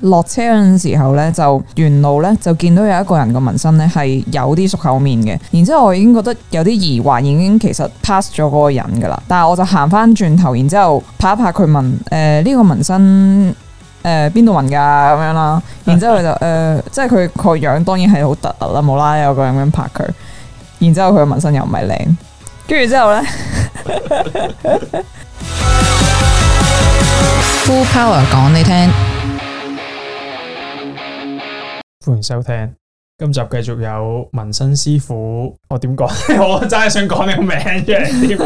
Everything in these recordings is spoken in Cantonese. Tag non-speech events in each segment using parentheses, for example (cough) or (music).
落車嗰陣時候呢，就沿路呢，就見到有一個人個紋身呢，係有啲熟口面嘅，然之後我已經覺得有啲疑懷，已經其實 pass 咗嗰個人噶啦。但係我就行翻轉頭，然之後拍一拍佢問，誒、呃、呢、這個紋身誒邊度紋噶咁樣啦。然之後佢就誒、呃，即係佢個樣當然係好突立啦，無啦啦有個人咁拍佢，然之後佢個紋身又唔係靚，跟住之後呢 full Power 講你聽。歡迎收聽，今集繼續有紋身師傅。我點講？ (laughs) 我真係想講你個名出嚟添。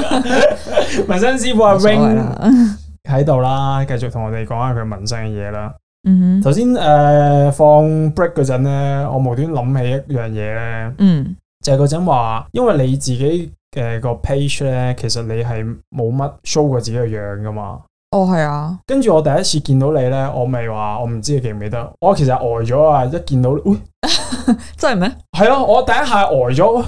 紋 (laughs) 身師傅係 Ring 喺度啦，繼續同我哋講下佢紋身嘅嘢啦。嗯哼，頭先誒放 break 嗰陣咧，我無端諗起一樣嘢咧。嗯，就係嗰陣話，因為你自己嘅個 page 咧，其實你係冇乜 show 過自己嘅樣噶嘛。哦，係啊！跟住我第一次見到你咧，我咪話我唔知你記唔記得，我其實呆咗啊！一見到，哎、 (laughs) 真係咩？係啊，我第一下呆咗，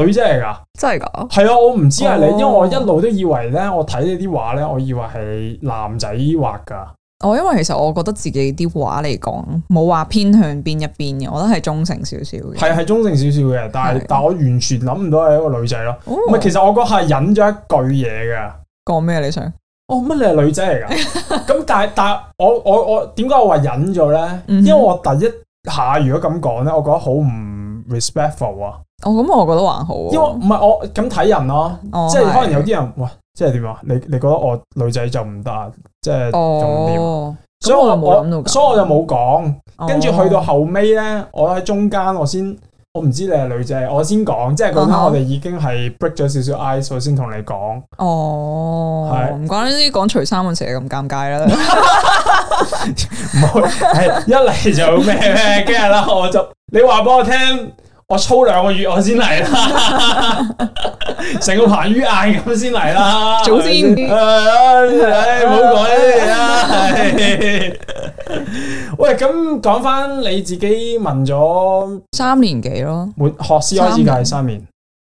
女仔嚟噶，真係噶？係、呃、啊，我唔知係你，呃呃呃、因為我一路都以為咧，我睇呢啲畫咧，我以為係男仔畫噶。哦，因為其實我覺得自己啲畫嚟講，冇話偏向邊一邊嘅，我覺得係中性少少嘅。係係中性少少嘅，但係、啊、但係我完全諗唔到係一個女仔咯。唔係、哦，其實我嗰下忍咗一句嘢嘅，講咩？你想？哦，乜你係女仔嚟㗎？咁 (laughs) 但係但係我我我點解我話忍咗咧？嗯、哼因為我第一下如果咁講咧，我覺得好唔 respectful 啊。哦，咁我覺得還好、啊。因為唔係我咁睇人咯、啊，哦、即係可能有啲人，的哇，即係點啊？你你覺得我女仔就唔得啊？即係重點，所以我就冇諗到，所以我就冇講。跟住去到後尾咧，我喺中間我先。我唔知你係女仔，我先講，即係講翻我哋已經係 break 咗少少 ice，先同你講。哦，係唔是關呢啲講除衫成日咁尷尬啦。唔好，係一嚟就咩咩，今日啦，我就你話俾我聽，我操兩個月我先嚟啦，成個彭于晏咁先嚟啦。早先，係唉、哎，唔好講呢啲嘢啦。喂，咁講翻你自己問咗三年幾咯？學師開始計係三年，誒、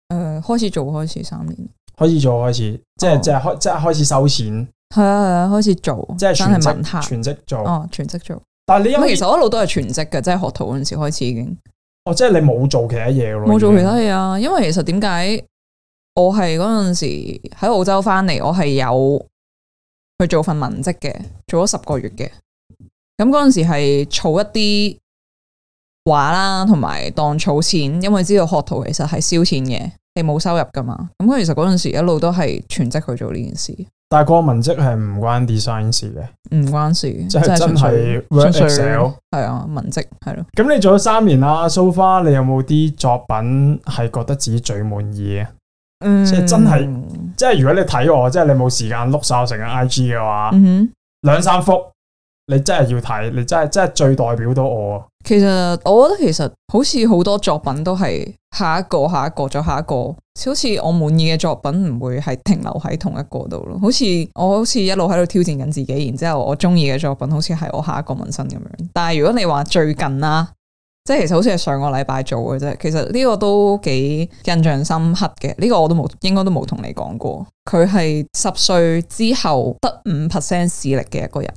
呃，開始做開始三年，開始做開始，即係、哦、即係開即係開始收錢。係啊係啊，開始做即係全職，全職做哦，全職做。但係你因為其實我一路都係全職嘅，即係學徒嗰陣時開始已經。哦，即係你冇做其他嘢咯？冇做其他嘢啊？因為其實點解我係嗰陣時喺澳洲翻嚟，我係有去做份文職嘅，做咗十個月嘅。咁嗰陣時係儲一啲畫啦，同埋當儲錢，因為知道學徒其實係燒錢嘅，你冇收入噶嘛。咁其實嗰陣時一路都係全職去做呢件事。但係個文職係唔關 design 事嘅，唔關事，即係真係 r u 係啊，文職係咯。咁你做咗三年啦，so far，你有冇啲作品係覺得自己最滿意啊？嗯，即係真係，即係、嗯、如果你睇我，即、就、係、是、你冇時間碌晒成個 I G 嘅話，兩、嗯、哼三幅。你真係要睇，你真係真係最代表到我。啊。其實我覺得其實好似好多作品都係下一個下一個再下一個，好似我滿意嘅作品唔會係停留喺同一個度咯。好似我好似一路喺度挑戰緊自己，然之後我中意嘅作品好似係我下一個紋身咁樣。但係如果你話最近啦，即係其實好似係上個禮拜做嘅啫。其實呢個都幾印象深刻嘅，呢個我都冇，應該都冇同你講過。佢係十歲之後得五 percent 視力嘅一個人。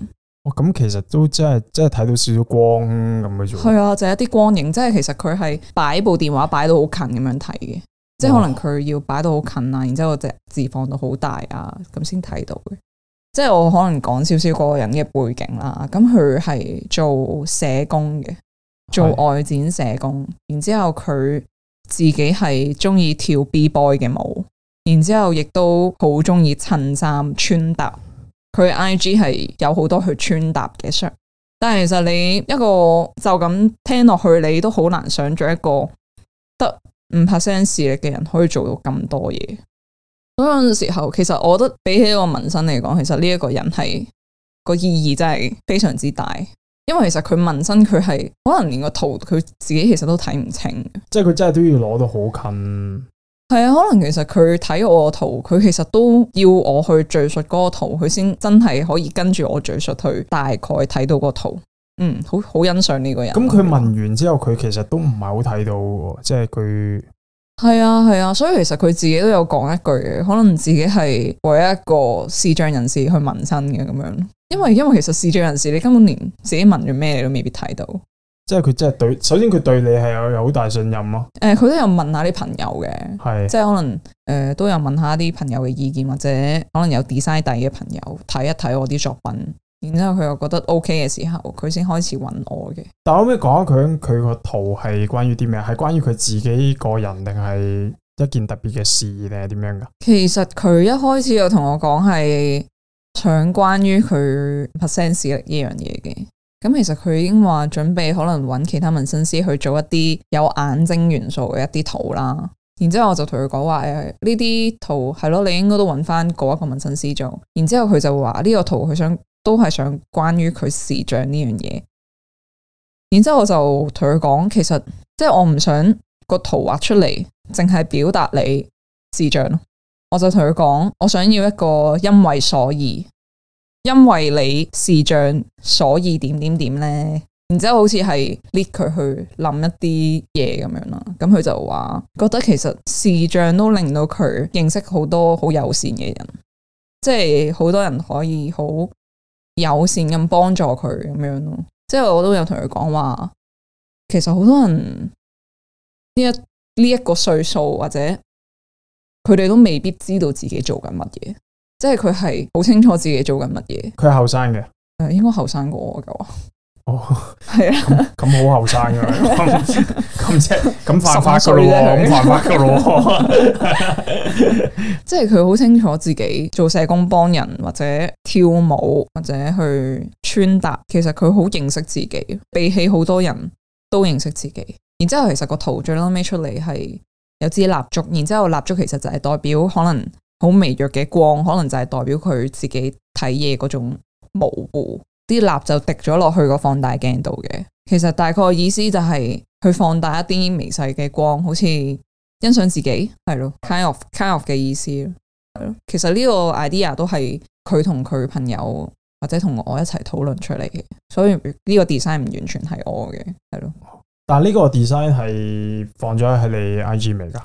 咁、哦嗯、其實都、就是、真係真係睇到少少光咁嘅啫，係啊，就是、一啲光影，即係其實佢係擺部電話擺、哦、到好近咁樣睇嘅，即係可能佢要擺到好近啊，然之後只字放到好大啊，咁先睇到嘅。即係我可能講少少嗰個人嘅背景啦，咁佢係做社工嘅，做外展社工，是然之後佢自己係中意跳 B Boy 嘅舞，然之後亦都好中意襯衫穿搭。佢 IG 係有好多去穿搭嘅嘢，但係其實你一個就咁聽落去，你都好難想像一個得五 percent 視力嘅人可以做到咁多嘢。嗰陣時候，其實我覺得比起一個紋身嚟講，其實呢一個人係個意義真係非常之大，因為其實佢紋身佢係可能連個圖佢自己其實都睇唔清，即係佢真係都要攞到好近。係啊，可能其實佢睇我個圖，佢其實都要我去敘述嗰個圖，佢先真係可以跟住我敘述去大概睇到個圖。嗯，好好欣賞呢個人。咁佢聞完之後，佢其實都唔係好睇到，即係佢係啊係啊，所以其實佢自己都有講一句嘅，可能自己係為一個視障人士去紋身嘅咁樣。因為因為其實視障人士你根本連自己紋咗咩你都未必睇到。即係佢，真係對。首先佢對你係有有好大信任咯。誒、呃，佢都有問下啲朋友嘅，係，即係可能誒、呃、都有問一下啲朋友嘅意見，或者可能有 design 底嘅朋友睇一睇我啲作品，然之後佢又覺得 OK 嘅時候，佢先開始揾我嘅。但可唔可以講下佢佢個圖係關於啲咩？係關於佢自己個人，定係一件特別嘅事，定係點樣噶？其實佢一開始又同我講係想關於佢 percent 視力呢樣嘢嘅。咁其實佢已經話準備可能揾其他紋身師去做一啲有眼睛元素嘅一啲圖啦，然之後我就同佢講話誒，呢啲圖係咯，你應該都揾翻嗰一個紋身師做，然之後佢就話呢個圖佢想都係想關於佢視障呢樣嘢，然之後我就同佢講，其實即係我唔想個圖畫出嚟淨係表達你視障咯，我就同佢講，我想要一個因為所以。因為你視障，所以點點點呢？然之後好似係 lead 佢去諗一啲嘢咁樣咯。咁佢就話覺得其實視障都令到佢認識好多好友善嘅人，即係好多人可以好友善咁幫助佢咁樣咯。即係我都有同佢講話，其實好多人呢一呢一、這個歲數或者佢哋都未必知道自己做緊乜嘢。即係佢係好清楚自己做緊乜嘢，佢係後生嘅，誒，應該後生過我㗎喎，哦，係啊，咁好後生㗎，咁即係咁犯法嘅咯，咁犯法嘅咯，即係佢好清楚自己做社工幫人或者跳舞或者去穿搭，其實佢好認識自己，比起好多人都認識自己。然之後其實個圖最屘尾出嚟係有支蠟燭，然之後蠟燭其實就係代表可能。好微弱嘅光，可能就係代表佢自己睇嘢嗰種模糊，啲蠟就滴咗落去個放大鏡度嘅。其實大概意思就係去放大一啲微細嘅光，好似欣賞自己，係咯。Kind of，kind of 嘅 kind of 意思咯。其實呢個 idea 都係佢同佢朋友或者同我一齊討論出嚟嘅，所以呢個 design 唔完全係我嘅，係咯。但係呢個 design 係放咗喺你 IG 未㗎？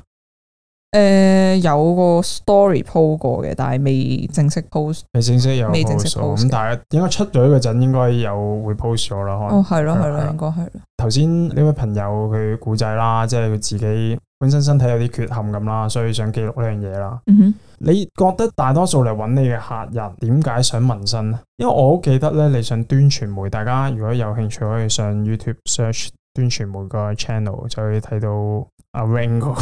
誒、呃，有個 story post 過嘅，但係未正式 post，未正式有 post, 正式、哦，咁但係應該出咗嗰陣，應該有會 post 咗啦。可能哦，係咯，係咯的，應該係咯。頭先呢位朋友佢古仔啦，即係佢自己本身身體有啲缺陷咁啦，所以想記錄呢樣嘢啦。嗯、哼你覺得大多數嚟揾你嘅客人點解想紋身咧？因為我好記得咧，你想端傳媒，大家如果有興趣可以上 YouTube search。端傳媒頻道個 channel 就可以睇到阿 Ring 嗰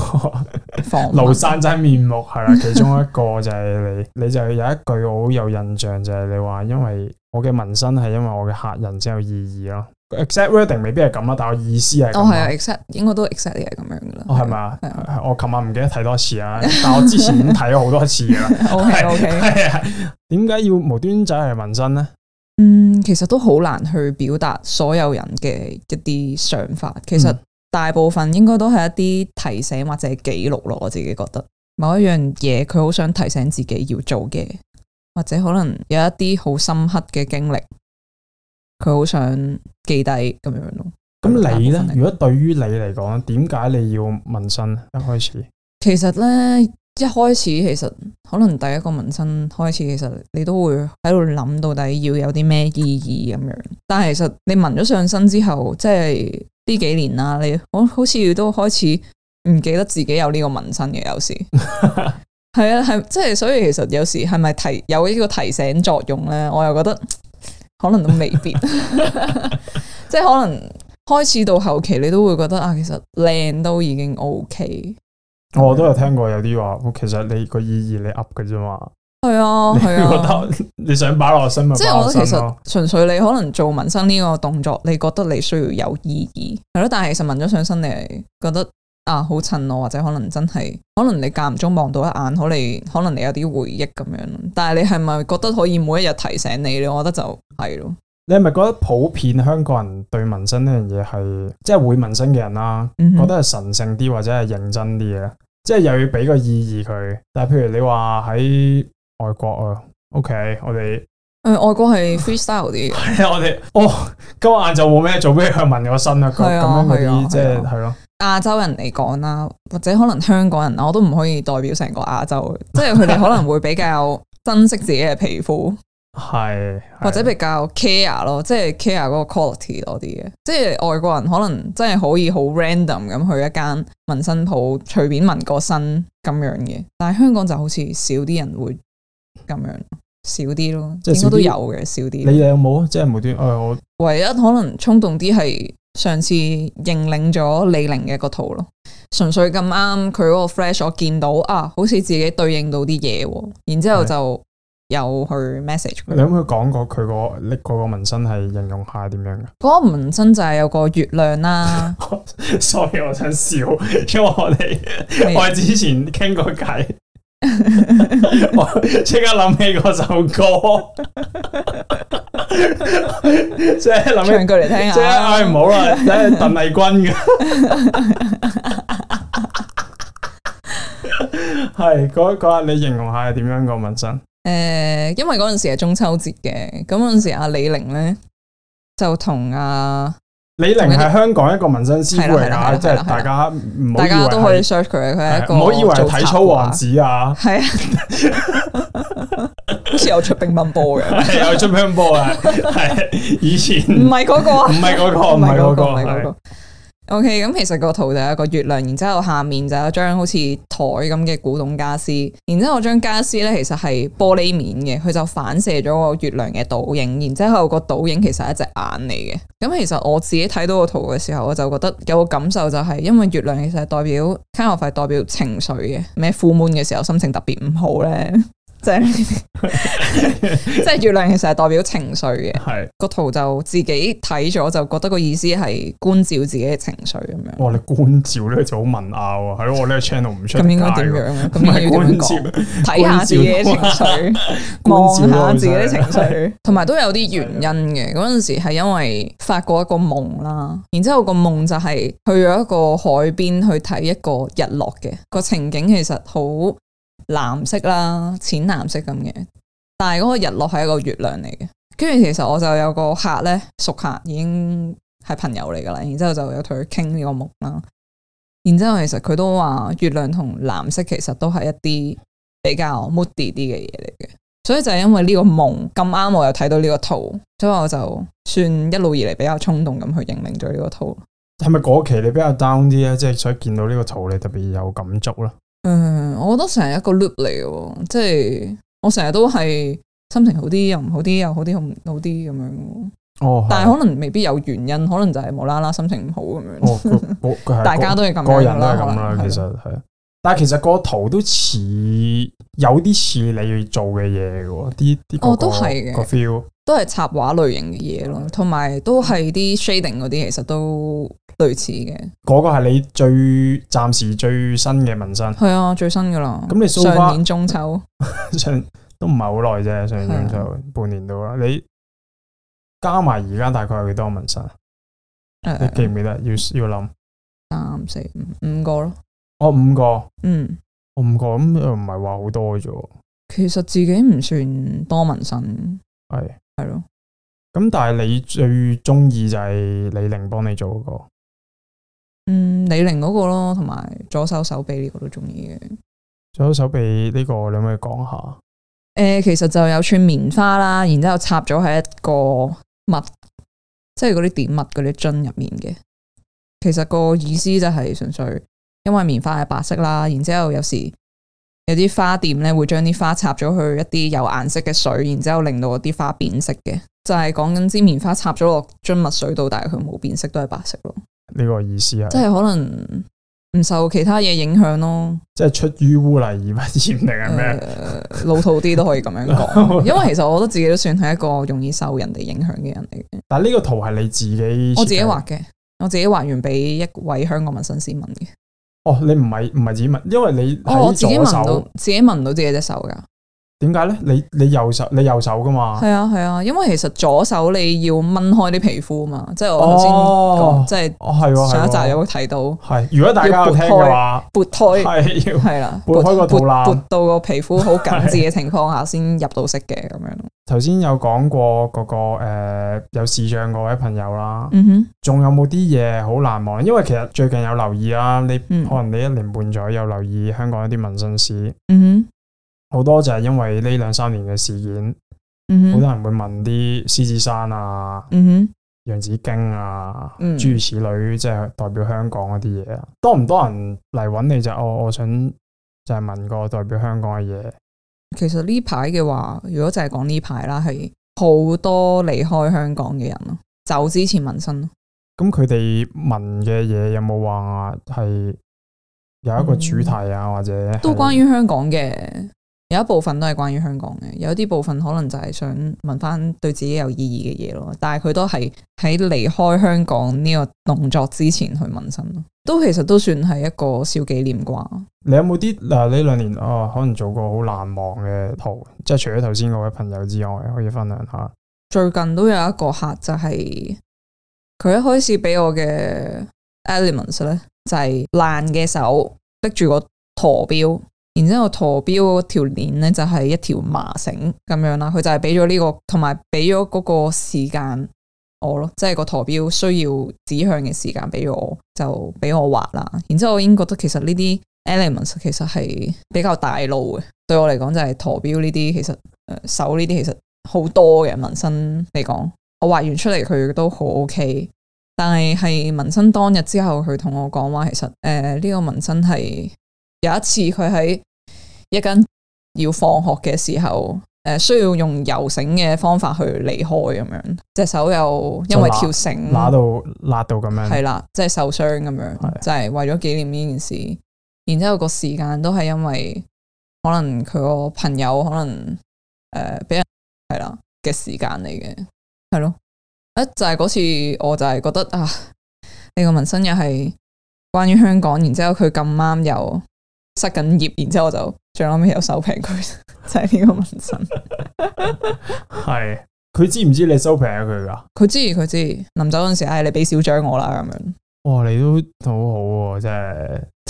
個廬山真面目係啦，其中一個就係你，你就有一句我好有印象，就係、是、你話，因為我嘅紋身係因為我嘅客人先有意義咯。Exact wording 未必係咁啊，但係我意思係，都係啊。Exact 應該都 exact 係咁樣噶啦，係咪啊？我琴晚唔記得睇多次啊，但係我之前已經睇咗好多次噶啦。O K O K，係啊。點解 Okay, okay. 要無端仔係紋身咧？嗯，其實都好難去表達所有人嘅一啲想法。其實大部分應該都係一啲提醒或者記錄咯。我自己覺得某一樣嘢，佢好想提醒自己要做嘅，或者可能有一啲好深刻嘅經歷，佢好想記低咁樣咯。咁你呢？如果對於你嚟講，點解你要紋身？一開始其實呢。一開始其實可能第一個紋身開始，其實你都會喺度諗到底要有啲咩意義咁樣。但係其實你紋咗上身之後，即係呢幾年啦，你好好似都開始唔記得自己有呢個紋身嘅。有時係啊係，即係 (laughs) 所以其實有時係咪提有呢個提醒作用呢？我又覺得可能都未必。 (laughs) 即係可能開始到後期，你都會覺得啊，其實靚都已經 OK。是是我都係聽過有啲話，其實你個意義你 up 嘅啫嘛。係啊，係啊，你覺得你想擺落身、身，即係我覺得其實純粹你可能做紋身呢個動作，你覺得你需要有意義係咯，但係其實紋咗上身你覺得啊好襯我，或者可能真係可能你間唔中望到一眼，可能你可能你有啲回憶咁樣，但係你係咪覺得可以每一日提醒你你我覺得就係咯。你係咪覺得普遍香港人對紋身呢樣嘢係即係會紋身嘅人啦，嗯、哼覺得係神聖啲或者係認真啲嘅，即係又要俾個意義佢。但係譬如你話喺外國啊，OK，我哋誒、呃、外國係 freestyle 啲嘅 (laughs) 我哋哦，今日晏晝冇咩做俾佢去紋個身 (laughs) 啊？咁樣去啲即係係咯。亞洲人嚟講啦，或者可能香港人我都唔可以代表成個亞洲，即係佢哋可能會比較珍惜自己嘅皮膚。 (laughs) 係或者比較 care 咯，即係 care 嗰個 quality 多啲嘅，即係外國人可能真係可以好 random 咁去一間紋身鋪隨便紋個身咁樣嘅，但係香港就好似少啲人會咁樣，少啲咯，應該都有嘅，少啲。你有冇即係無端？我唯一可能衝動啲係上次認領咗李寧嘅個圖咯，純粹咁啱佢嗰個 flash 我見到啊，好似自己對應到啲嘢，然之後就。有去 message 你可可。你有冇講過佢個你個紋身係形容下點樣嘅？嗰個紋身就係有個月亮啦。所以我想笑，因為我哋是的 我哋之前傾過偈， (laughs) (laughs) 我即刻諗起嗰首歌，即係諗起唱歌嚟聽下。即係唉唔好啦，係鄧麗君嘅。係嗰日你形容下係點樣個紋身？誒，因為嗰陣時係中秋節嘅，咁嗰陣時阿李寧咧就同阿、啊、李寧係香港一個紋身師畫家，即係大家唔好，大家都可以 search 佢。佢係一個我好以為做體操王子啊，係是啊，好似有出乒乓波嘅，有出乒乓波啊，係以前唔係嗰個，唔係、 (laughs) 嗰個，唔係、 (laughs) 嗰個，唔係、 (laughs) 嗰個。OK，咁其實個圖就係一個月亮，然之後下面就有一張好似台咁嘅古董家私，然之後我張家私咧其實係玻璃面嘅，佢就反射咗個月亮嘅倒影，然之後個倒影其實係一隻眼嚟嘅。咁其實我自己睇到個圖嘅時候，我就覺得有個感受就係、是，因為月亮其實係代表卡羅牌代表情緒嘅，咩苦悶嘅時候，心情特別唔好咧。 (laughs) 即係，即係月亮其實係代表情緒嘅。係個是圖就自己睇咗，就覺得個意思係觀照自己嘅情緒咁樣。哇，你觀照咧就好文雅喎，係我呢個 channel 唔出咁 (laughs) 應該點樣？咁應該要點講？睇下照自己嘅情緒，望下自己情緒，同埋是都有啲原因嘅。嗰陣的時係因為發過一個夢啦，然之後個夢就係去咗一個海邊去睇一個日落嘅，個情景，其實好。藍色啦，淺藍色咁嘅，但係嗰個日落係一個月亮嚟嘅。跟住，其實我就有個客呢，熟客已經係朋友嚟噶啦。然之後就有同佢傾呢個夢啦。然之後其實佢都話，月亮同藍色其實都係一啲比較 moody 啲嘅嘢嚟嘅。所以就係因為呢個夢咁啱，我又睇到呢個圖，所以我就算一路以嚟比較衝動咁去認明咗呢個圖。係咪嗰期你比較 down 啲咧？即係所以見到呢個圖，你特別有感觸囉？嗯，我覺得成日一個 loop 嚟嘅，即係我成日都係心情好啲又唔好啲又好啲好唔好啲咁樣。哦，但係可能未必有原因，可能就係無啦啦心情唔好咁樣。哦， (laughs) 大家都係咁樣啦，個人都係咁啦，這樣 其實係。的但係其實圖、這個圖都似有啲似你要做嘅嘢嘅，啲、這、啲、個、哦都係嘅個 feel。都係插畫類型嘅嘢咯，同埋都係啲 shading 嗰啲，其實都類似嘅。嗰個係你最暫時最新嘅紋身，係 (noise) 啊，最新噶啦。咁你上年中秋， (laughs) 上都唔係好耐啫，上年中秋 (noise) 半年到啦。你加埋而家大概有幾多紋身？ (noise) 你記唔記得？要要諗三、 (noise) 啊、四五五個咯。我、oh, 五個，嗯，我五個咁又唔係話好多啫。其實自己唔算多紋身，係。 (noise) (noise) (noise) 係咯，咁但係你最中意就係李寧幫你做嗰，那個，嗯，李寧嗰個咯，同埋左手手臂呢個都中意嘅。左手手臂呢，這個你可唔可以講下？誒、呃，其實就有串棉花啦，然之後插咗喺一個物，即係嗰啲點物嗰啲樽入面嘅。其實個意思就係純粹因為棉花係白色啦，然之後有時。有啲花店咧，會將啲花插咗去一啲有顏色嘅水，然之後令到嗰啲花變色嘅，就係講緊支棉花插咗落樽墨水度，但係佢冇變色，都係白色咯。呢個意思啊，即係可能唔受其他嘢影響咯。即係出於污泥而不染定係咩？老土啲都可以咁樣講， (laughs) 因為其實我覺得自己都算係一個容易受人哋影響嘅人嚟嘅。但係呢個圖係你自己，我自己畫嘅，我自己畫完俾一位香港紋身師問嘅。哦，你唔係唔係自己聞？因為你係、哦、我自己聞到，自己聞唔到自己隻手噶。點解咧？你你右手你右手噶嘛？係啊係啊，因為其實左手你要掹開啲皮膚啊嘛，即係我頭先即係，哦係喎，上一集有睇到係。如果大家要撥胎嘅話，撥胎係要係啦，撥開個布罅，撥到個皮膚好緊致嘅情況下先入到色嘅咁樣咯。頭先有講過嗰個誒有視像嗰位朋友啦，嗯哼，仲有冇啲嘢好難忘？因為其實最近有留意啊，你可能你一年半左右有留意香港一啲紋身師，嗯哼。好多就係因為呢兩三年嘅事件，嗯哼、mm hmm. 好多人會問啲獅子山啊，嗯哼、mm，洋、hmm. 紫荊啊，諸、mm hmm. 如此類，即、就、係、是、代表香港嗰啲嘢啊。多唔多人嚟揾你就我，我想就係問個代表香港嘅嘢。其實呢排嘅話，如果就係講呢排啦，係好多離開香港嘅人咯，走之前紋身咯。咁佢哋問嘅嘢有冇話係有一個主題啊，mm hmm. 或者都關於香港嘅。有一部分都係關於香港嘅，有啲部分可能就係想紋翻對自己有意義嘅嘢咯。但係佢都係喺離開香港呢個動作之前去紋身，都其實都算係一個小紀念啩、啊。你有冇啲嗱呢兩年啊、哦，可能做過好難忘嘅圖，即係除咗頭先嗰位朋友之外，可以分享下？最近都有一個客就係、是、佢一開始俾我嘅 elements 咧，就係爛嘅手，逼住個陀錶。然之後陀錶嗰條鏈咧就係一條麻繩咁樣啦，佢就係俾咗呢個，同埋俾咗嗰個時間我咯，即係個陀錶需要指向嘅時間俾我，就俾我畫啦。然之後我已經覺得其實呢啲 elements 其實係比較大路嘅，對我嚟講就係陀錶呢啲，其實、呃、手呢啲其實好多嘅紋身嚟講，我畫完出嚟，佢都好 ok，但係係紋身當日之後佢同我講話，其實誒呢個紋身係有一次佢喺。一間要放學嘅時候，誒、呃，需要用游繩嘅方法去離開咁樣，隻手又因為跳繩拉，拉到拉到咁樣，係啦，即、就、係、是、受傷咁樣，對就係為咗紀念呢件事。然之後個時間都係因為可能佢個朋友可能誒俾、呃、人係啦嘅時間嚟嘅，係咯，一就係、是、嗰次，我就係覺得啊，呢個紋身又係關於香港，然之後佢咁啱又。失緊業，然之後我就最後尾又收平佢， (laughs) 就係呢個紋身。係佢知唔知你收平佢噶？佢知佢知，臨走嗰陣時，哎，你俾小獎我啦，咁樣。哇，你都好好，啊，喎，真係。誒，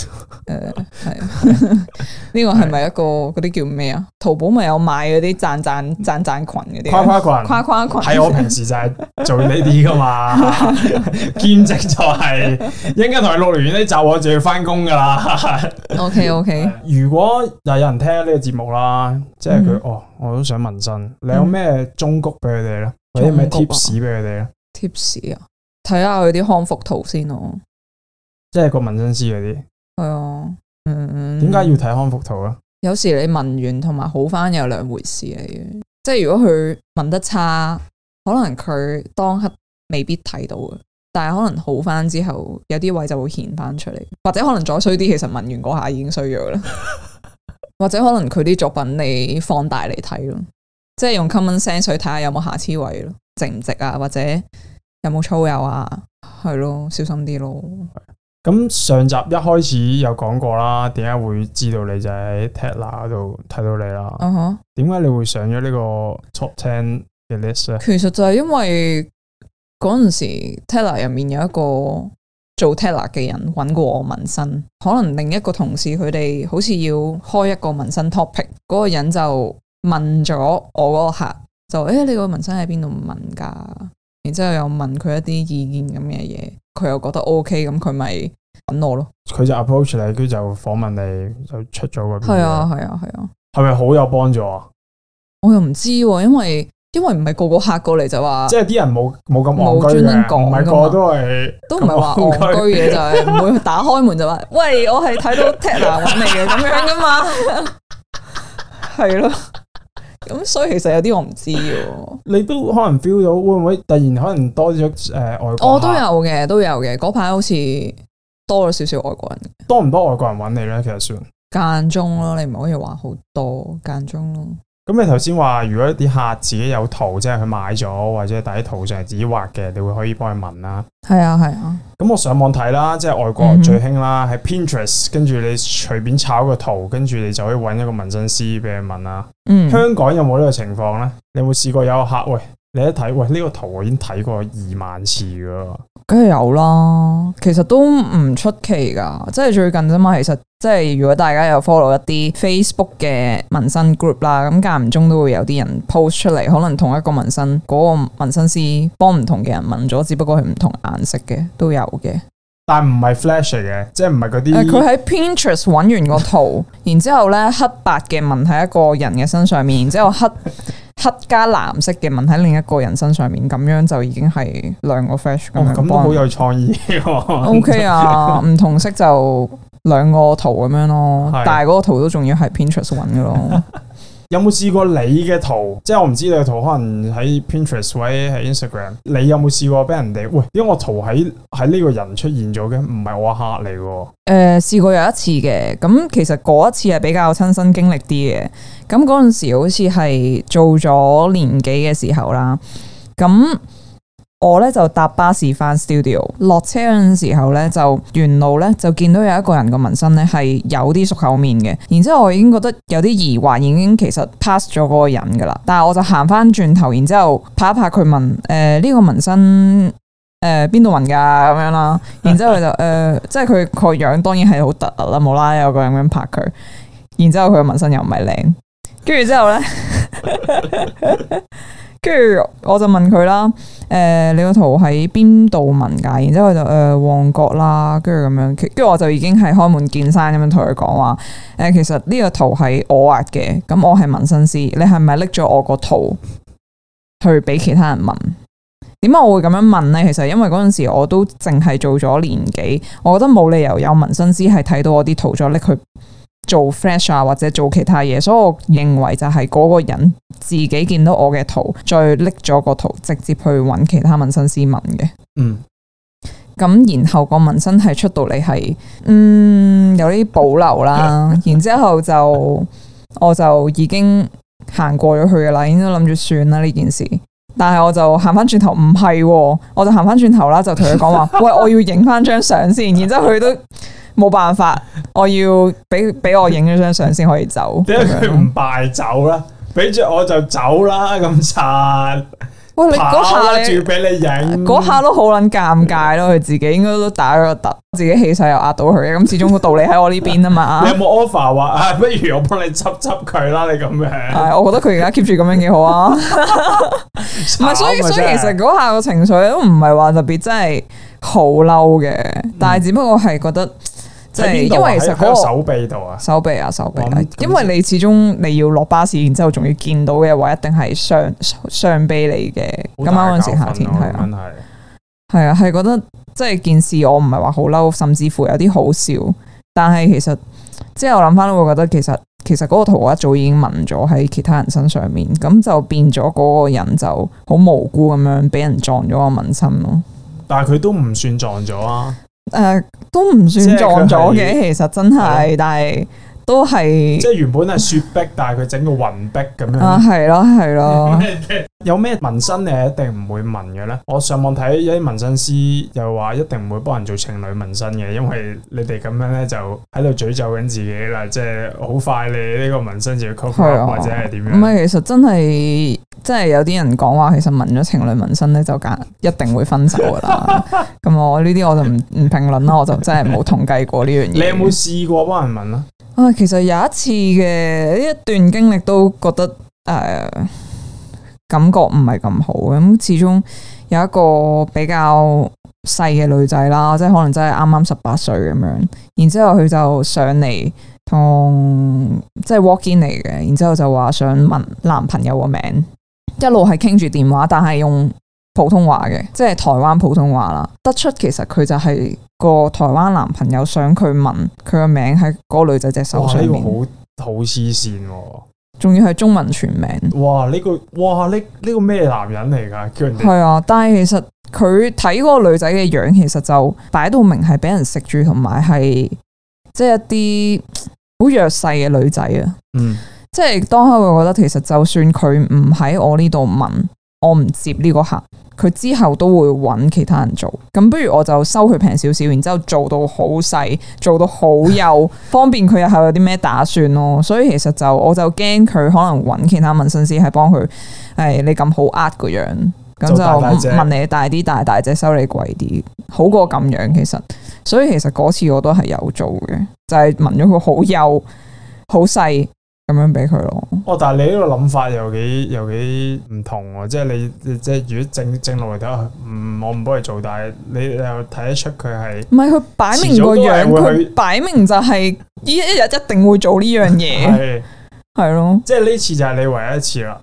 係呢個係咪一個嗰啲是叫咩啊？淘寶咪有賣嗰啲讚讚讚讚群嗰啲誇誇群，誇誇群係我平時就係做呢啲噶嘛。 (laughs) 兼職就係一陣同佢錄完呢集我，我就要翻工噶啦。OK OK。如果又有人聽呢個節目啦，即係佢、嗯、哦，我都想紋身，你有咩忠告俾佢哋咧？有啲咩 tips 俾佢哋咧？tips 啊，睇下佢啲康復圖先咯即。即係個紋身師嗰啲。係啊，點解、哦嗯、要睇康復圖咧？有時你問完同埋好翻有兩回事嚟嘅，即係如果佢問得差，可能佢當刻未必睇到嘅，但係可能好翻之後，有啲位就會顯翻出嚟，或者可能再衰啲，其實問完嗰下已經衰咗啦， (laughs) 或者可能佢啲作品你放大嚟睇咯，即係用 common sense 去睇下有冇瑕疵位咯，值唔值啊？或者有冇粗幼啊？係咯，小心啲咯。咁上集一開始有講過啦，點解會知道你就喺 Teller 嗰度睇到你啦？嗯哼，點解你會上咗呢個 Top Ten list 咧？其實就係因為嗰陣時 Teller 入面有一個做 Teller 嘅人揾過我紋身，可能另一個同事佢哋好似要開一個紋身 topic，嗰個人就問咗我嗰個客，就誒、欸，你個紋身喺邊度紋噶？然之後又問佢一啲意見咁嘅嘢，佢又覺得 OK，咁佢咪等我咯。佢就 approach 你，佢就訪問你，就出咗個係啊係啊係啊，係咪好有幫助啊？我又唔知，因為因為唔係個個客過嚟就話，是，即係啲人冇冇咁戇居嘅，個個都係都唔係話戇居嘢就係唔會打開門就話，喂，我係睇到 Tina 搵你嘅咁樣噶嘛，係咯。 (laughs) (laughs) (laughs) 咁所以其實有啲我唔知嘅， (laughs) 你都可能 feel 到會唔會突然可能多咗誒外國人？我都有嘅，都有嘅，嗰排好似多咗少少外國人，多唔多外國人揾你呢？其實算間中咯，你唔可以話好多間中咯。咁你頭先話，如果啲客自己有圖，即係佢買咗或者第喺圖上自己畫嘅，你會可以幫佢紋啦。係啊係啊。咁、啊啊、我上網睇啦，即係外國最興啦，喺、嗯、Pinterest 跟住你隨便抄個圖，跟住你就可以揾一個紋身師俾佢紋啦。嗯，香港有冇呢個情況呢？你有冇試過有個客喂，你一睇喂呢、這個圖我已經睇過二萬次噶。梗係有啦，其實都唔出奇噶，即係最近啫嘛。其實即係如果大家有 follow 一啲 Facebook 嘅紋身 group 啦、嗯，咁間唔中都會有啲人 post 出嚟，可能同一個紋身嗰、嗰個紋身師幫唔同嘅人紋咗，只不過係唔同顏色嘅都有嘅。但唔係 flash 嘅，即係唔係嗰啲。佢喺、呃、Pinterest 揾完個圖，然之後呢，黑白嘅紋喺一個人嘅身上面，然之後黑黑加藍色嘅紋喺另一個人身上面，咁樣就已經係兩個 flash 咁我好有創意喎、啊。OK 啊，唔 (laughs) 同色就兩個圖咁樣咯，是但係嗰個圖都仲要係 Pinterest 揾嘅咯。有冇試過你嘅圖？即係我唔知你嘅圖可能喺 Pinterest 或者喺 Instagram，你有冇試過俾人哋？喂，點解我圖喺喺呢個人出現咗嘅？唔係我客嚟嘅。誒、呃，試過有一次嘅。咁其實嗰一次係比較親身經歷啲嘅。咁嗰陣時好似係做咗年幾嘅時候啦。咁。我咧，就搭巴士翻 studio，落車嗰陣時候呢，就沿路呢，就見到有一個人個紋身呢係有啲熟口面嘅，然之後我已經覺得有啲疑惑，已經其實 pass 咗嗰個人噶啦，但係我就行翻轉頭，然之後拍一拍佢問誒呢、呃這個紋身誒邊度紋噶咁樣啦，然之後佢就誒、呃、即係佢個樣當然係好突突啦，冇啦啦有個人咁樣拍佢，然之後佢嘅紋身又唔係靚，跟住之後呢。 (laughs) 跟住我就問佢啦，誒、呃，你個圖喺邊度紋噶？然之後佢就誒、呃、旺角啦，跟住咁樣，跟住我就已經係開門見山咁樣同佢講話，誒、呃，其實呢個圖係我畫嘅，咁我係紋身師，你係咪拎咗我個圖去俾其他人紋？點解我會咁樣問呢？其實因為嗰陣時我都淨係做咗年幾，我覺得冇理由有紋身師係睇到我啲圖再拎去。做 flash 啊，或者做其他嘢，所以我認為就係嗰個人自己見到我嘅圖，再拎咗個圖，直接去揾其他紋身師問嘅、嗯。嗯，咁然後個紋身係出到嚟係，嗯有啲保留啦，然之後就我就已經行過咗去噶啦，已經諗住算啦呢件事，但係我就行返轉頭唔係、哦，我就行返轉頭啦，就同佢講話， (laughs) 喂，我要影返張相先，然之後佢都。冇辦法，我要俾俾我影咗張相先可以走。點解佢唔敗走啦。俾住我就走啦，咁慘。喂，你嗰下你俾你影，嗰下都好捻尷尬咯。佢自己應該都打咗個突，自己氣勢又壓到佢。咁始終個道理喺我呢邊啊嘛。 (laughs) 你有冇 offer 話啊？不如我幫你執執佢啦。你咁樣係， (laughs) 我覺得佢而家 keep 住咁樣幾好啊。唔係， (laughs) (laughs) 所以，所以，所以，所以其實嗰下個情緒都唔係話特別真係好嬲嘅，但係只不過係覺得。即係，因為其實嗰、嗰個手臂度啊，手臂啊，手臂、嗯。因為你始終你要落巴士，然之後仲要見到嘅話，一定係上上臂嚟嘅。大今晚嗰陣時夏天係啊，係啊，係覺得即係件事，我唔係話好嬲，甚至乎有啲好笑。但係其實即係我諗翻都會覺得其，其實其實嗰個圖畫早已經紋咗喺其他人身上面，咁就變咗嗰個人就好無辜咁樣俾人撞咗個紋身咯。但係佢都唔算撞咗啊。呃，都唔算撞咗嘅，是是其實真係，的但係。都係即係原本係雪碧，但係佢整個雲碧咁樣。啊，係咯，係咯。 (laughs) 有咩紋身你一定唔會紋嘅咧？我上網睇有啲紋身師又話一定唔會幫人做情侶紋身嘅，因為你哋咁樣咧就喺度詛咒緊自己啦。即係好快你呢個紋身就要 cover 或者係點樣？唔係，其實真係真係有啲人講話，其實紋咗情侶紋身咧就夾一定會分手噶啦。咁 (laughs) 我呢啲我就唔唔評論啦，我就真係冇統計過呢樣嘢。 (laughs) 你有冇試過幫人紋啊？其實有一次嘅呢一段經歷，都覺得誒、呃、感覺唔係咁好嘅。咁始終有一個比較細嘅女仔啦，即係可能真係啱啱十八歲咁樣，然之後佢就上嚟同即係 walk in 嚟嘅，然之後就話想問男朋友個名，一路係傾住電話，但係用。普通話嘅，即係台灣普通話啦。得出其實佢就係個台灣男朋友，想佢問佢個名喺嗰個女仔隻手上面、這個，好好黐線，仲要係中文全名。哇！呢、這個哇呢呢個咩男人嚟噶？叫人。係啊，但係其實佢睇嗰個女仔嘅樣，其實就擺到明係俾人食住，同埋係即係一啲好弱勢嘅女仔啊。嗯，即係當刻我覺得，其實就算佢唔喺我呢度問，我唔接呢個客。佢之後都會揾其他人做，咁不如我就收佢平少少，然之後做到好細，做到好幼， (laughs) 方便佢日後有啲咩打算咯。所以其實就我就驚佢可能揾其他紋身師係幫佢，係、哎、你咁好呃個樣，咁就大大問你大啲，大大隻收你貴啲，好過咁樣。其實，所以其實嗰次我都係有做嘅，就係紋咗佢好幼、好細。咁樣俾佢咯。哦，但係你呢個諗法又幾又幾唔同啊！即係你，你即係如果正正落嚟睇下，唔我唔幫你做，但係你又睇得出佢係唔係佢擺明個樣，佢擺明就係、是、呢一日一定會做呢樣嘢，係係咯。 (laughs) 的的即係呢次就係你唯一一次啦，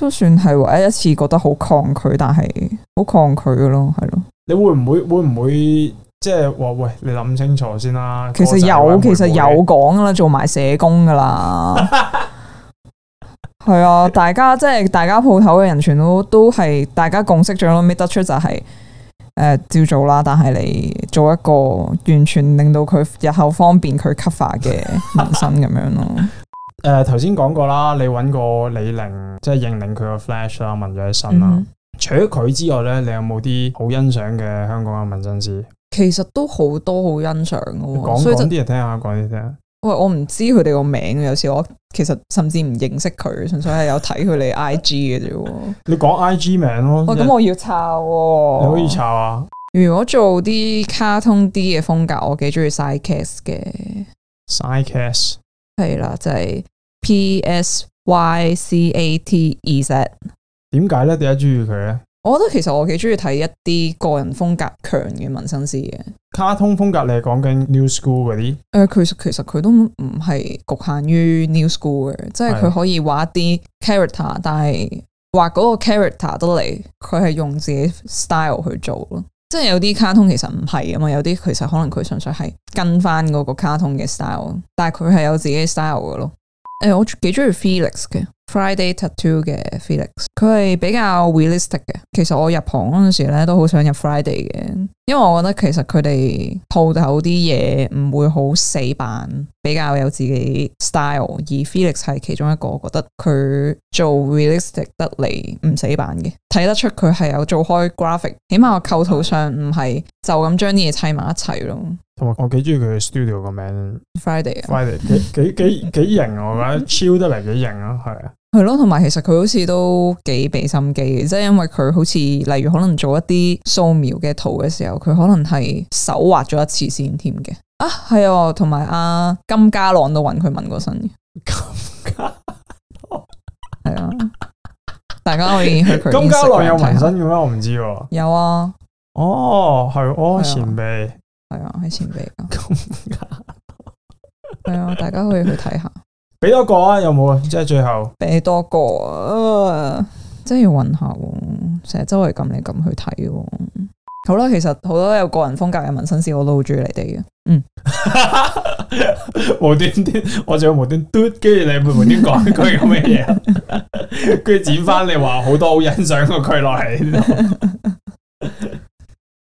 都算係唯一一次覺得好抗拒，但係好抗拒嘅咯，係咯。你會唔會會唔會？會即係話，喂，你諗清楚先啦。其實有，其實有講㗎啦，做埋社工㗎啦。係 (laughs) 啊，大家即係大家鋪頭嘅人全都，全部都係大家共識咗咯，咪得出就係、是呃、照做啦。但係你做一個完全令到佢日後方便佢 cover 嘅紋身咁樣咯。誒、 (laughs) 呃，頭先講過啦，你揾個李寧，即係認領佢個 flash 啦，紋咗一身啦。除咗佢之外呢，你有冇啲好欣賞嘅香港嘅紋身師？其實都好多好欣賞嘅，講講啲嘢聽下，講啲聽。喂，我唔知佢哋個名，有時我其實甚至唔認識佢，純粹係有睇佢哋 I G 嘅啫。 (laughs) 你講 I G 名咯。喂，咁一我要抄，啊。你可以抄啊！如果做啲卡通啲嘅風格，我幾中意 PsyCat 嘅。PsyCat 係啦，就係、是、P S Y C A T E s e。點解咧？點解中意佢咧？我覺得其實我幾中意睇一啲個人風格強嘅紋身師嘅卡通風格，你係講緊 new school 嗰啲？誒、呃，佢其實佢都唔係局限於 new school 嘅，的即係佢可以畫啲 character，但係畫嗰個 character 得嚟，佢係用自己 style 去做咯。即係有啲卡通其實唔係啊嘛？有啲其實可能佢純粹係跟翻嗰個卡通嘅 style，但係佢係有自己的 style 嘅咯。誒、欸，我幾中意 Felix 嘅 Friday Tattoo 嘅 Felix，佢係比較 realistic 嘅。其實我入行嗰陣時咧,都好想入 Friday 嘅，因為我覺得其實佢哋鋪頭啲嘢唔會好死板，比較有自己 style。而 Felix 係其中一個，我覺得佢做 realistic 得嚟唔死板嘅，睇得出佢係有做開 graphic，起碼構圖上唔係就咁將啲嘢砌埋一齊咯。同埋我幾中意佢嘅 studio 個名 Friday，Friday 幾幾幾幾型，我覺得超得嚟幾型啊，係啊，係咯。同埋其實佢好似都幾俾心機嘅，即係因為佢好似例如可能做一啲素描嘅圖嘅時候，佢可能係手畫咗一次線添嘅啊。係啊，同埋阿金家朗都揾佢紋過身嘅，金家朗係啊。大家可以去佢。金家朗有紋身嘅咩？我唔知喎。有啊，哦，係哦，前臂。係啊，係前備噶，係啊， (laughs) 大家可以去睇下，俾多個啊，有冇啊？即係最後俾多個啊，真係要混下喎，啊，成日周圍咁你咁去睇，啊。好啦，啊，其實好多有個人風格嘅紋身師，我都好中意你哋嘅。嗯， (laughs) 無端端，我仲要無端端，跟住 (laughs) (laughs) 你無端端講一句咁嘅嘢，跟住剪翻你話好多好欣賞嘅佢落嚟。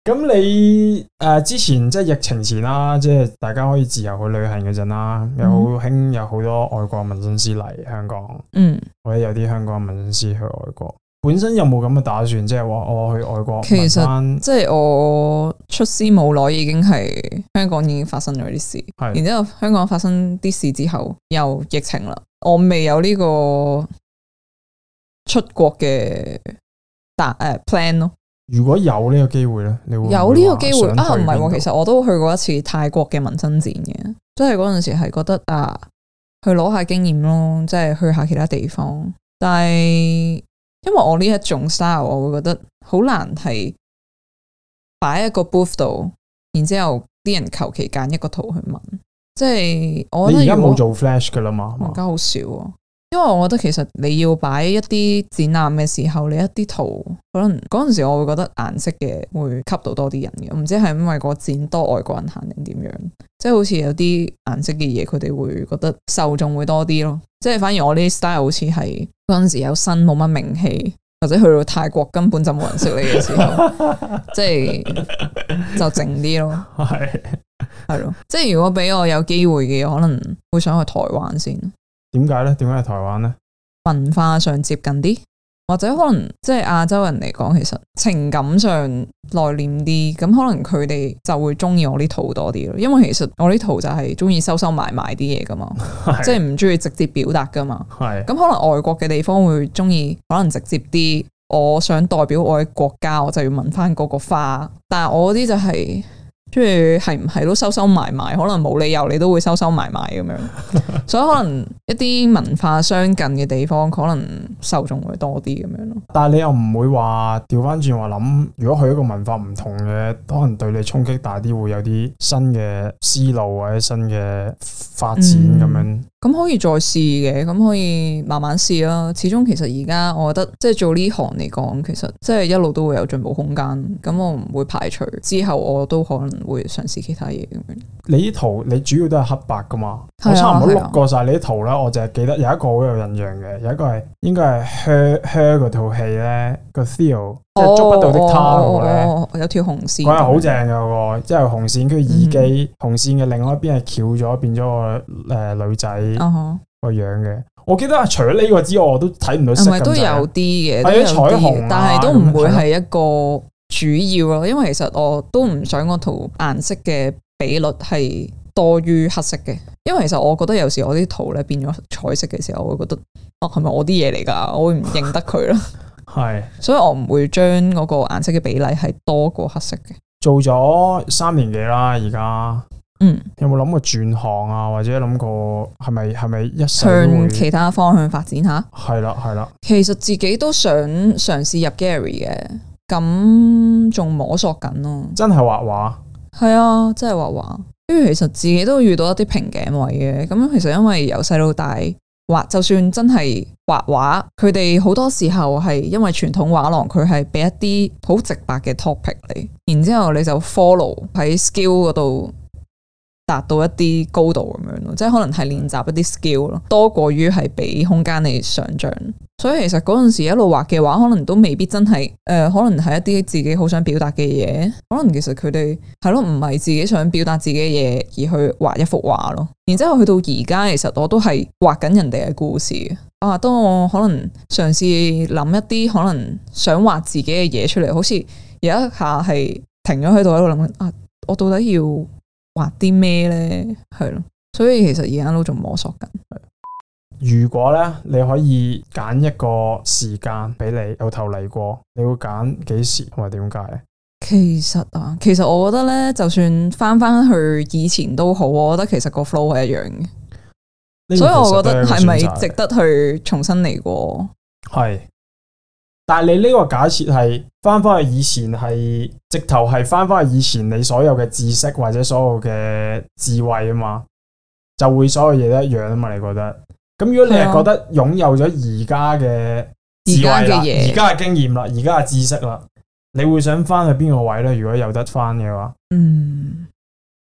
咁你、呃、之前即係疫情前啦，即係大家可以自由去旅行嗰陣啦，嗯、有好興，有好多外國文身師嚟香港，嗯，或者有啲香港文身師去外國，本身有冇咁嘅打算，即係話我去外國？其實即係、就是、我出師冇耐，已經係香港已經發生咗啲事，是然之後香港發生啲事之後，又疫情啦，我未有呢個出國嘅打、呃 plan 咯。如果有呢個機會咧，你會有呢個機會啊？唔係啊，其實我都去過一次泰國嘅紋身展嘅，即係嗰陣時係覺得啊，去攞下經驗咯，即係去下其他地方。但係因為我呢一種 style，我會覺得好難係擺一個 booth 度，然之後啲人求其揀一個圖去問。即係我而家冇做 flash 噶啦嘛？而家好少啊。因為我覺得其實你要擺一啲展覽嘅時候，你一啲圖可能嗰陣時我會覺得顏色嘅會吸到多啲人嘅，唔知係因為個展多外國人行定點樣，即係好似有啲顏色嘅嘢，佢哋會覺得受眾會多啲咯。即係反而我呢啲 style 好似係嗰陣時有新冇乜名氣，或者去到泰國根本就冇人識你嘅時候， (laughs) 即係就靜啲咯。係係 (laughs) 咯，即係如果俾我有機會嘅，可能會想去台灣先。點解呢？點解係台灣呢？文化上接近啲，或者可能即係亞洲人嚟講，其實情感上內斂啲，咁可能佢哋就會中意我啲圖多啲咯。因為其實我啲圖就係中意收收埋埋啲嘢噶嘛，是的 即係唔中意直接表達噶嘛。咁是的 可能外國嘅地方會中意可能直接啲。我想代表我嘅國家，我就要聞翻嗰個花，但係我啲就係、是。即係係唔係都收收埋埋埋，可能冇理由你都會收收埋埋咁樣， (laughs) 所以可能一啲文化相近嘅地方，可能受眾會多啲咁樣咯。但係你又唔會話調翻轉話諗，如果去一個文化唔同嘅，可能對你衝擊大啲，會有啲新嘅思路或者新嘅發展咁、嗯、樣。咁可以再試嘅，咁可以慢慢試啦。始終其實而家我覺得，即係做呢行嚟講，其實即係一路都會有進步空間。咁我唔會排除之後，我都可能會嘗試其他嘢咁樣。你啲圖你主要都係黑白噶嘛？啊、我差唔多錄過晒你啲圖啦。啊、我就係記得有一個好有印象嘅，有一個係應該係《Her Her》嗰套戲咧個 Feel。捉不到的他、哦哦哦、有條紅，紅線。好正噶，即係、嗯、紅線跟耳機，紅線嘅另外一邊係翹咗，變咗個誒女仔個樣嘅。哦、哈我記得啊，除咗呢個之外，我都睇唔到。係都、嗯、有啲嘅，哎、彩虹、啊，但係都唔會係一個主要咯。因為其實我都唔想個圖顏色嘅比率係多於黑色嘅。因為其實我覺得有時我啲圖咧變咗彩色嘅時候，我會覺得哦，係咪我啲嘢嚟噶？我會唔認得佢咯。係，是所以我唔會將嗰個顏色嘅比例係多過黑色嘅。做咗三年幾啦，而家，嗯，有冇諗過轉行啊？或者諗過係咪係咪一向其他方向發展吓？係啦係啦，其實自己都想嘗試入 Gary 嘅，咁仲摸索緊咯，啊。真係畫畫，係啊，真係畫畫。因為其實自己都遇到一啲瓶頸位嘅，咁其實因為由細到大。畫就算真係畫畫，佢哋好多時候係因為傳統畫廊，佢係畀一啲好直白嘅 topic 你，然之後你就 follow 喺 skill 度。達到一啲高度咁樣咯，即係可能係練習一啲 skill 咯，多過於係俾空間你想象。所以其實嗰陣時一路畫嘅話，可能都未必真係誒、呃，可能係一啲自己好想表達嘅嘢。可能其實佢哋係咯，唔係自己想表達自己嘅嘢而去畫一幅畫咯。然之後去到而家，其實我都係畫緊人哋嘅故事。啊，當我可能嘗試諗一啲可能想畫自己嘅嘢出嚟，好似有一下係停咗喺度喺度諗緊，啊，我到底要？畫啲咩咧？係咯，所以其實而家都仲摸索緊。如果咧，你可以揀一個時間俾你有頭嚟過，你會揀幾時同埋點解？其實啊，其實我覺得咧，就算翻翻去以前都好，我覺得其實個 flow 係一樣嘅。所以我覺得係咪值得去重新嚟過？係。但係你呢個假設係翻翻去以前，係直頭係翻翻去以前你所有嘅知識或者所有嘅智慧啊嘛，就會所有嘢都一樣啊嘛？你覺得？咁如果你係覺得擁有咗而家嘅智慧啦，而家嘅嘢，而家嘅經驗啦，而家嘅知識啦，你會想翻去邊個位咧？如果有得翻嘅話，嗯，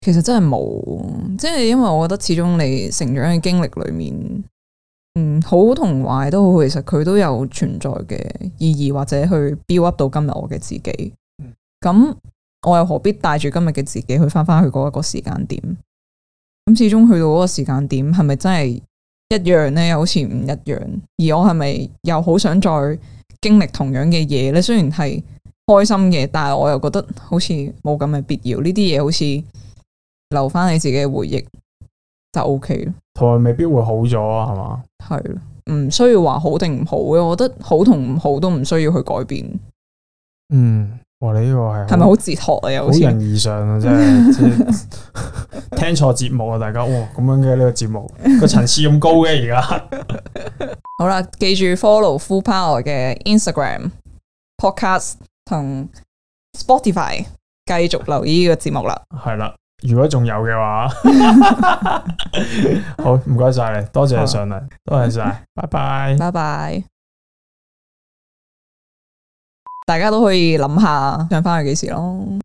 其實真係冇，即係因為我覺得始終你成長嘅經歷裏面。嗯，好同壞都，好，其實佢都有存在嘅意義，或者去 build up 到今日我嘅自己。咁、嗯、我又何必帶住今日嘅自己去翻翻去嗰一個時間點？咁始終去到嗰個時間點，係咪真係一樣呢？又好似唔一樣。而我係咪又好想再經歷同樣嘅嘢呢？雖然係開心嘅，但係我又覺得好似冇咁嘅必要。呢啲嘢好似留翻你自己嘅回憶就 OK 啦。同樣未必會好咗啊，係嘛？係，唔需要話好定唔好嘅，我覺得好同唔好都唔需要去改變。嗯，哇！你呢個係係咪好哲學啊？又好形而上啊，真係！ (laughs) 聽錯節目啊，大家哇！咁樣嘅呢個節目個層次咁高嘅，而家 (laughs) (laughs) 好啦，記住 follow Full Power 嘅 Instagram、Podcast 同 Spotify，繼續留意呢個節目啦。係啦。如果仲有嘅話， (laughs) (laughs) 好，唔該晒你，謝謝你，多謝你上嚟，多謝晒，拜拜，拜拜，大家都可以諗下，想翻去幾時咯。